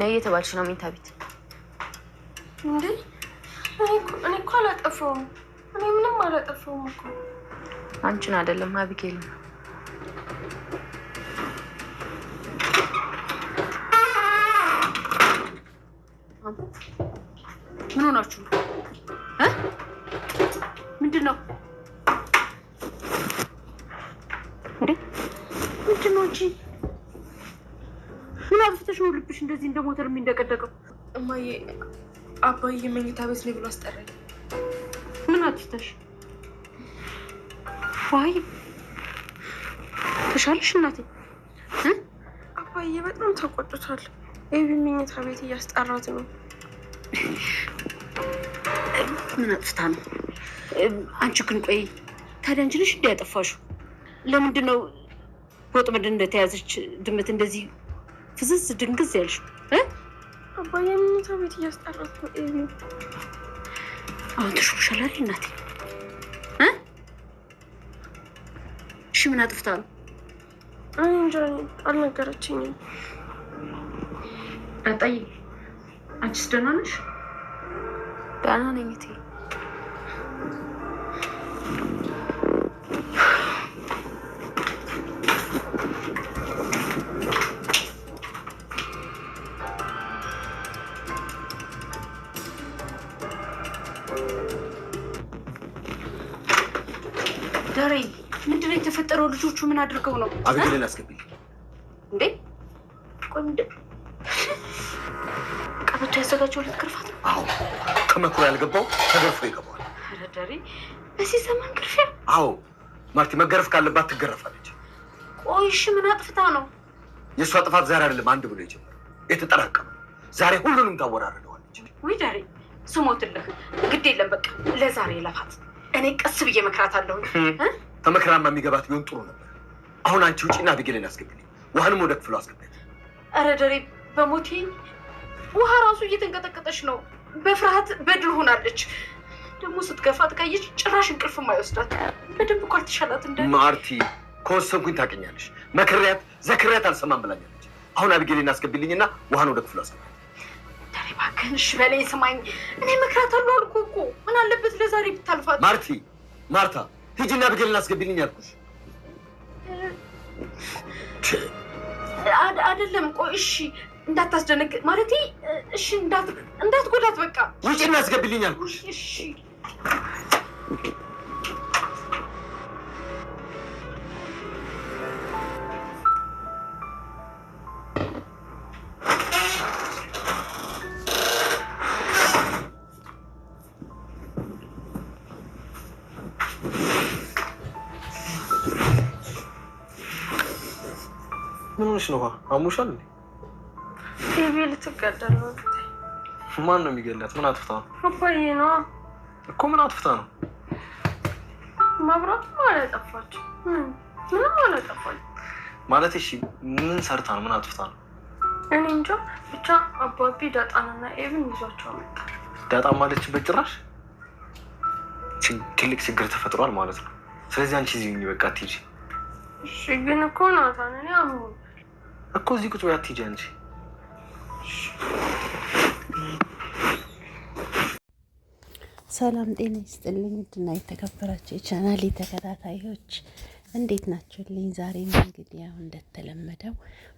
ነይ እየተባልሽ ነው መኝታ ቤት እንዴ? እኔ እኮ አላጠፋሁም። እኔ ምንም አላጠፋሁም እኮ አንቺን አይደለም አብጌል ነው። ምን ሆናችሁ? ምንድን ነው እንዴ? ምንድን ነው እንጂ ሆነሽ ነው ልብሽ እንደዚህ እንደ ሞተር የሚንደቀደቀው? እማዬ አባዬ መኝታ ቤት ላይ ብሎ አስጠራኝ። ምን አጥፍተሽ? ዋይ ተሻለሽ እናቴ? አባዬ በጣም ተቆጭቷል። ይህ መኝታ ቤት እያስጠራት ነው። ምን አጥፍታ ነው? አንቺ ግን ቆይ ታዲያ አንቺ ነሽ እንዲያጠፋሹ? ለምንድን ነው ወጥመድ እንደተያዘች ድመት እንደዚህ ፍዝዝ ድንግዝ ያልሽ አባዬ፣ የምኝታ ቤት እያስጠረኩ ነው። አሁን ተሾምሻል አይደል እናቴ? እሺ ምን አጥፍታ ነው? እኔ እንጃ አልነገረችኝም። አጣይ፣ አንቺስ ደህና ነሽ? ደህና ነኝ እቴ የተፈጠረው? ልጆቹ ምን አድርገው ነው? አብግልን አስገቢል እንዴ! ቆይ ምንድን ቀበቶ ያዘጋጀው ነው? አዎ ከመኩር ያልገባው ተገርፎ ይገባዋል። ረዳሪ በዚህ ዘመን ግርፊያ? አዎ ማርቲ መገረፍ ካለባት ትገረፋለች። ቆይ እሺ ምን አጥፍታ ነው? የእሷ ጥፋት ዛሬ አይደለም አንድ ብሎ የጀመረ የተጠራቀመ ዛሬ ሁሉንም ታወራርደዋለች። ወይ ዳሬ ስሞትልህ ግድ የለም በቃ ለዛሬ ለፋት እኔ ቀስ ብዬ መክራት አለሁኝ። ተመክራማ የሚገባት ቢሆን ጥሩ ነበር። አሁን አንቺ ውጪና አብጌልን አስገብልኝ። ውሃንም ወደ ክፍሉ አስገባል። አረ ደሬ፣ በሞቴ ውሃ ራሱ እየተንቀጠቀጠች ነው። በፍርሃት በድል ሆናለች። ደግሞ ስትገፋ ትቀይች፣ ጭራሽ እንቅልፍም አይወስዳት። በደንብ እኮ አልተሻላት። እንደ ማርቲ ከወሰንኩኝ ታውቂኛለሽ። መክሬያት ዘክሬያት አልሰማም ብላኛለች። አሁን አብጌልን አስገብልኝና ውሃን ወደ ክፍሉ አስገባል። ደሬ እባክህን ስማኝ፣ እኔ መክራት አሉ አልኩህ እኮ ምን አለበት ለዛሬ ብታልፋት። ማርቲ ማርታ ሂጂና ብገን ላስገቢልኝ ያልኩሽ አይደለም። ቆይ እሺ፣ እንዳታስደነግ ማለት እሺ፣ እንዳትጎዳት በቃ ውጪ እና አስገቢልኝ ያልኩሽ እሺ ምንሽ ነው? አሞሻል? ቲቪ ልትገደል ነው። ማን ነው የሚገላት? ምን አጥፍታ ነው? አባዬ ነው እኮ። ምን አጥፍታ ነው? መብራቱ አላጠፋች፣ ምንም አላጠፋች ማለት። እሺ ምን ሰርታ ነው? ምን አጥፍታ ነው? እኔ እንጃ ብቻ። አባቢ ዳጣንና ኤብን ይዟቸው መጣ። ዳጣ ማለችበት ጭራሽ ትልቅ ችግር ተፈጥሯል ማለት ነው። ስለዚህ አንቺ እዚህ በቃ ትሄጂ። እሺ ግን እኮ ናታን እኔ አምሮኛል እኮ እዚህ ቁጭ በይ አትሄጂ አንቺ። ሰላም ጤና ይስጥልኝ። ውድና የተከበራችሁ የቻናሌ ተከታታዮች እንዴት ናችሁልኝ? ዛሬም እንግዲህ ያው እንደተለመደው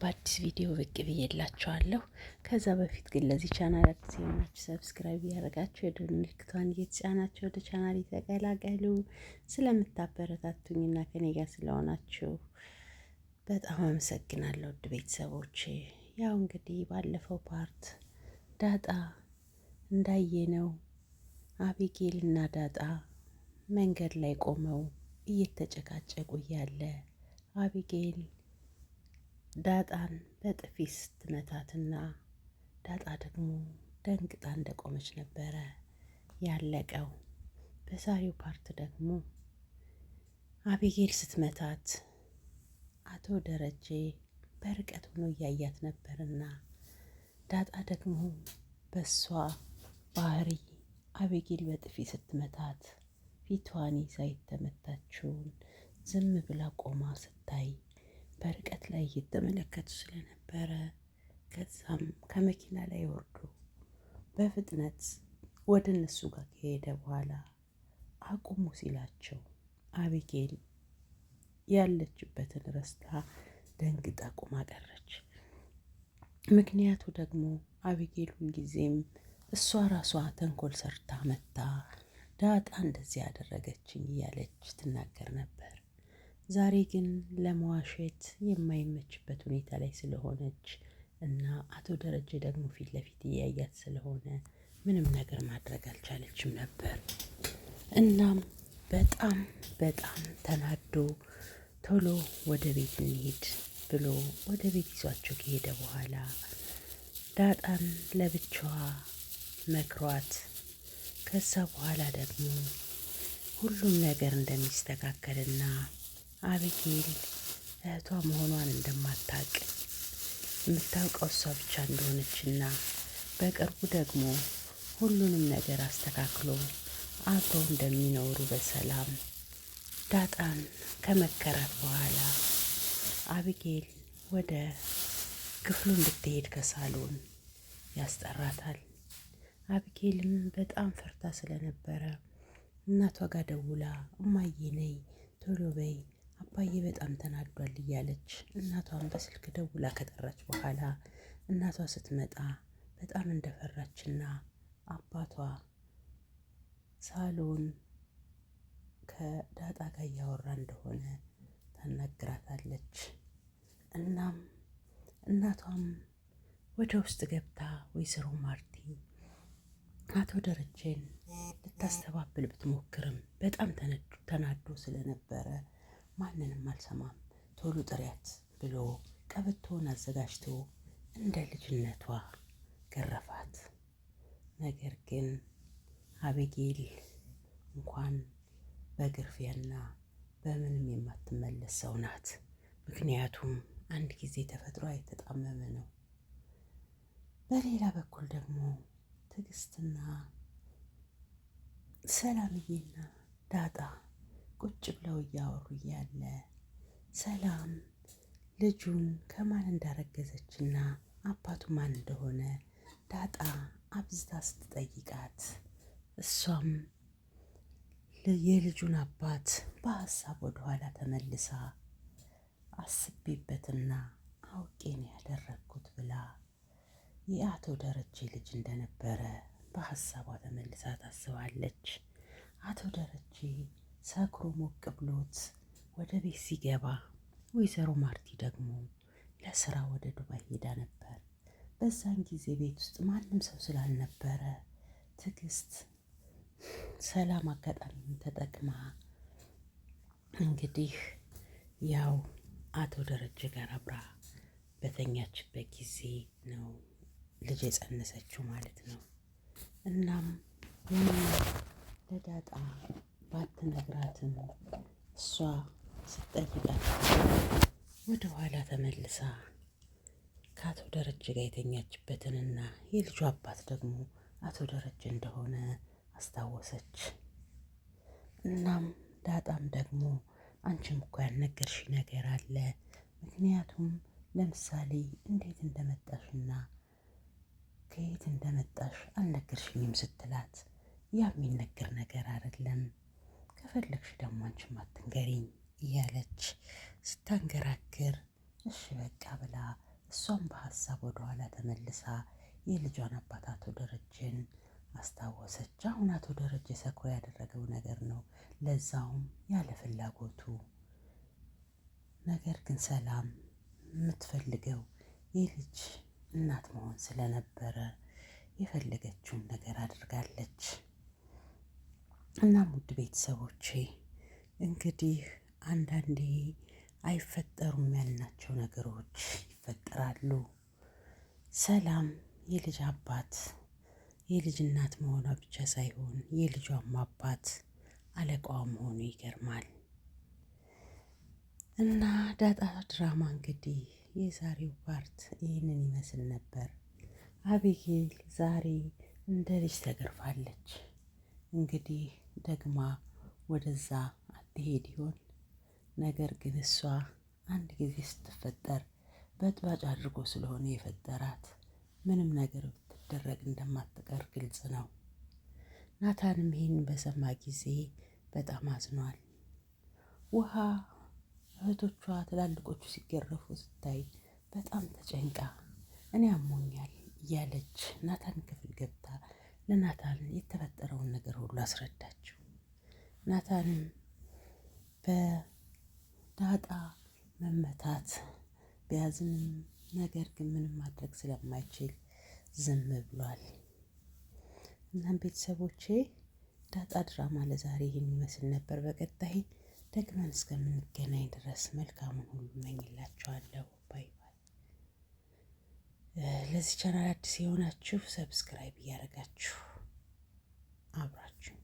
በአዲስ ቪዲዮ ብቅ ብዬላችኋለሁ። ከዛ በፊት ግን ለዚህ ቻናል አዲስ የሆናችሁ ሰብስክራይብ ያደርጋችሁ የደወል ምልክቷን እየተጫናችሁ ወደ ቻናሌ ተቀላቀሉ። ስለምታበረታቱኝና ከኔ ጋር ስለሆናችሁ በጣም አመሰግናለሁ ውድ ቤተሰቦች። ያው እንግዲህ ባለፈው ፓርት ዳጣ እንዳየነው እና ዳጣ መንገድ ላይ ቆመው እየተጨቃጨቁ እያለ አቢጌል ዳጣን በጥፊ ስትመታትና ዳጣ ደግሞ ደንግጣ እንደቆመች ነበረ ያለቀው። በዛሬው ፓርት ደግሞ አቢጌል ስትመታት አቶ ደረጀ በርቀት ሆኖ እያያት ነበርና ዳጣ ደግሞ በሷ ባህሪ አቤጌል በጥፊ ስትመታት ፊቷን ይዛ የተመታችውን ዝም ብላ ቆማ ስታይ በርቀት ላይ እየተመለከቱ ስለነበረ ከዛም ከመኪና ላይ ወርዶ በፍጥነት ወደ እነሱ ጋር ከሄደ በኋላ አቁሙ ሲላቸው አቤጌል ያለችበትን ረስታ ደንግጣ ቁማ ቀረች። ምክንያቱ ደግሞ አቢጌል ሁልጊዜም እሷ ራሷ ተንኮል ሰርታ መታ ዳጣ እንደዚህ ያደረገችኝ እያለች ትናገር ነበር። ዛሬ ግን ለመዋሸት የማይመችበት ሁኔታ ላይ ስለሆነች እና አቶ ደረጀ ደግሞ ፊት ለፊት እያያት ስለሆነ ምንም ነገር ማድረግ አልቻለችም ነበር እናም በጣም በጣም ተናዶ ቶሎ ወደ ቤት እንሂድ ብሎ ወደ ቤት ይዟቸው ከሄደ በኋላ ዳጣን ለብቻዋ መክሯት ከዛ በኋላ ደግሞ ሁሉም ነገር እንደሚስተካከልና አቤጌል እህቷ መሆኗን እንደማታውቅ የምታውቀው እሷ ብቻ እንደሆነችና በቅርቡ ደግሞ ሁሉንም ነገር አስተካክሎ አብረው እንደሚኖሩ በሰላም ዳጣን ከመከራት በኋላ አቢጌል ወደ ክፍሉ እንድትሄድ ከሳሎን ያስጠራታል። አቢጌልም በጣም ፈርታ ስለነበረ እናቷ ጋር ደውላ እማዬ ነይ ቶሎ በይ አባዬ በጣም ተናዷል እያለች እናቷን በስልክ ደውላ ከጠራች በኋላ እናቷ ስትመጣ በጣም እንደፈራችና አባቷ ሳሎን ከዳጣ ጋር እያወራ እንደሆነ ታናግራታለች። እናም እናቷም ወደ ውስጥ ገብታ ወይዘሮ ማርቲ አቶ ደረጀን ልታስተባብል ብትሞክርም በጣም ተናዶ ስለነበረ ማንንም አልሰማም ቶሎ ጥሪያት ብሎ ቀበቶውን አዘጋጅቶ እንደ ልጅነቷ ገረፋት። ነገር ግን አቤጌል እንኳን በግርፊያና በምንም የማትመለስ ሰው ናት። ምክንያቱም አንድ ጊዜ ተፈጥሮ የተጣመመ ነው። በሌላ በኩል ደግሞ ትዕግስትና ሰላምዬና ዳጣ ቁጭ ብለው እያወሩ እያለ ሰላም ልጁን ከማን እንዳረገዘችና አባቱ ማን እንደሆነ ዳጣ አብዝታ ስትጠይቃት እሷም የልጁን አባት በሀሳብ ወደኋላ ተመልሳ አስቤበትና አውቄን ያደረግኩት ብላ የአቶ ደረጀ ልጅ እንደነበረ በሀሳቧ ተመልሳ ታስባለች። አቶ ደረጀ ሰክሮ ሞቅ ብሎት ወደ ቤት ሲገባ ወይዘሮ ማርቲ ደግሞ ለስራ ወደ ዱባይ ሄዳ ነበር። በዛን ጊዜ ቤት ውስጥ ማንም ሰው ስላልነበረ ትዕግስት ሰላም አጋጣሚውን ተጠቅማ እንግዲህ ያው አቶ ደረጀ ጋር አብራ በተኛችበት ጊዜ ነው ልጅ የጸነሰችው ማለት ነው። እናም ለዳጣ ባትነግራትም እሷ ስትጠይቃት ወደ ኋላ ተመልሳ ከአቶ ደረጀ ጋር የተኛችበትንና የልጁ አባት ደግሞ አቶ ደረጀ እንደሆነ አስታወሰች። እናም ዳጣም ደግሞ አንቺም እኮ ያልነገርሽ ነገር አለ። ምክንያቱም ለምሳሌ እንዴት እንደመጣሽና ከየት እንደመጣሽ አልነገርሽኝም ስትላት ያ የሚነገር ነገር አይደለም፣ ከፈለግሽ ደግሞ አንቺም አትንገሪኝ እያለች ስታንገራግር እሺ በቃ ብላ እሷም በሀሳብ ወደኋላ ተመልሳ የልጇን አባት አቶ ደረጀን አስታወሰች። አሁን አቶ ደረጀ ሰክሮ ያደረገው ነገር ነው፣ ለዛውም ያለ ፍላጎቱ። ነገር ግን ሰላም የምትፈልገው የልጅ እናት መሆን ስለነበረ የፈለገችውን ነገር አድርጋለች። እናም ውድ ቤተሰቦቼ እንግዲህ አንዳንዴ አይፈጠሩም ያልናቸው ነገሮች ይፈጠራሉ። ሰላም የልጅ አባት የልጅ እናት መሆኗ ብቻ ሳይሆን የልጇም አባት አለቃዋ መሆኑ ይገርማል። እና ዳጣ ድራማ እንግዲህ የዛሬው ፓርት ይህንን ይመስል ነበር። አቢጌል ዛሬ እንደ ልጅ ተገርፋለች። እንግዲህ ደግማ ወደዛ አትሄድ ይሆን? ነገር ግን እሷ አንድ ጊዜ ስትፈጠር በጥባጭ አድርጎ ስለሆነ የፈጠራት ምንም ነገር ሳትደረግ እንደማትቀር ግልጽ ነው። ናታንም ይህን በሰማ ጊዜ በጣም አዝኗል። ውሃ እህቶቿ ትላልቆቹ ሲገረፉ ስታይ በጣም ተጨንቃ እኔ አሞኛል እያለች ናታን ክፍል ገብታ ለናታን የተፈጠረውን ነገር ሁሉ አስረዳችው። ናታንም በዳጣ መመታት ቢያዝንም ነገር ግን ምንም ማድረግ ስለማይችል ዝም ብሏል። እናም ቤተሰቦቼ ዳጣ ድራማ ለዛሬ ይህን ይመስል ነበር። በቀጣይ ደግመን እስከምንገናኝ ድረስ መልካሙን ሁሉ እመኝላችኋለሁ። ባይ ባይ። ለዚህ ቻናል አዲስ የሆናችሁ ሰብስክራይብ እያደረጋችሁ አብራችሁ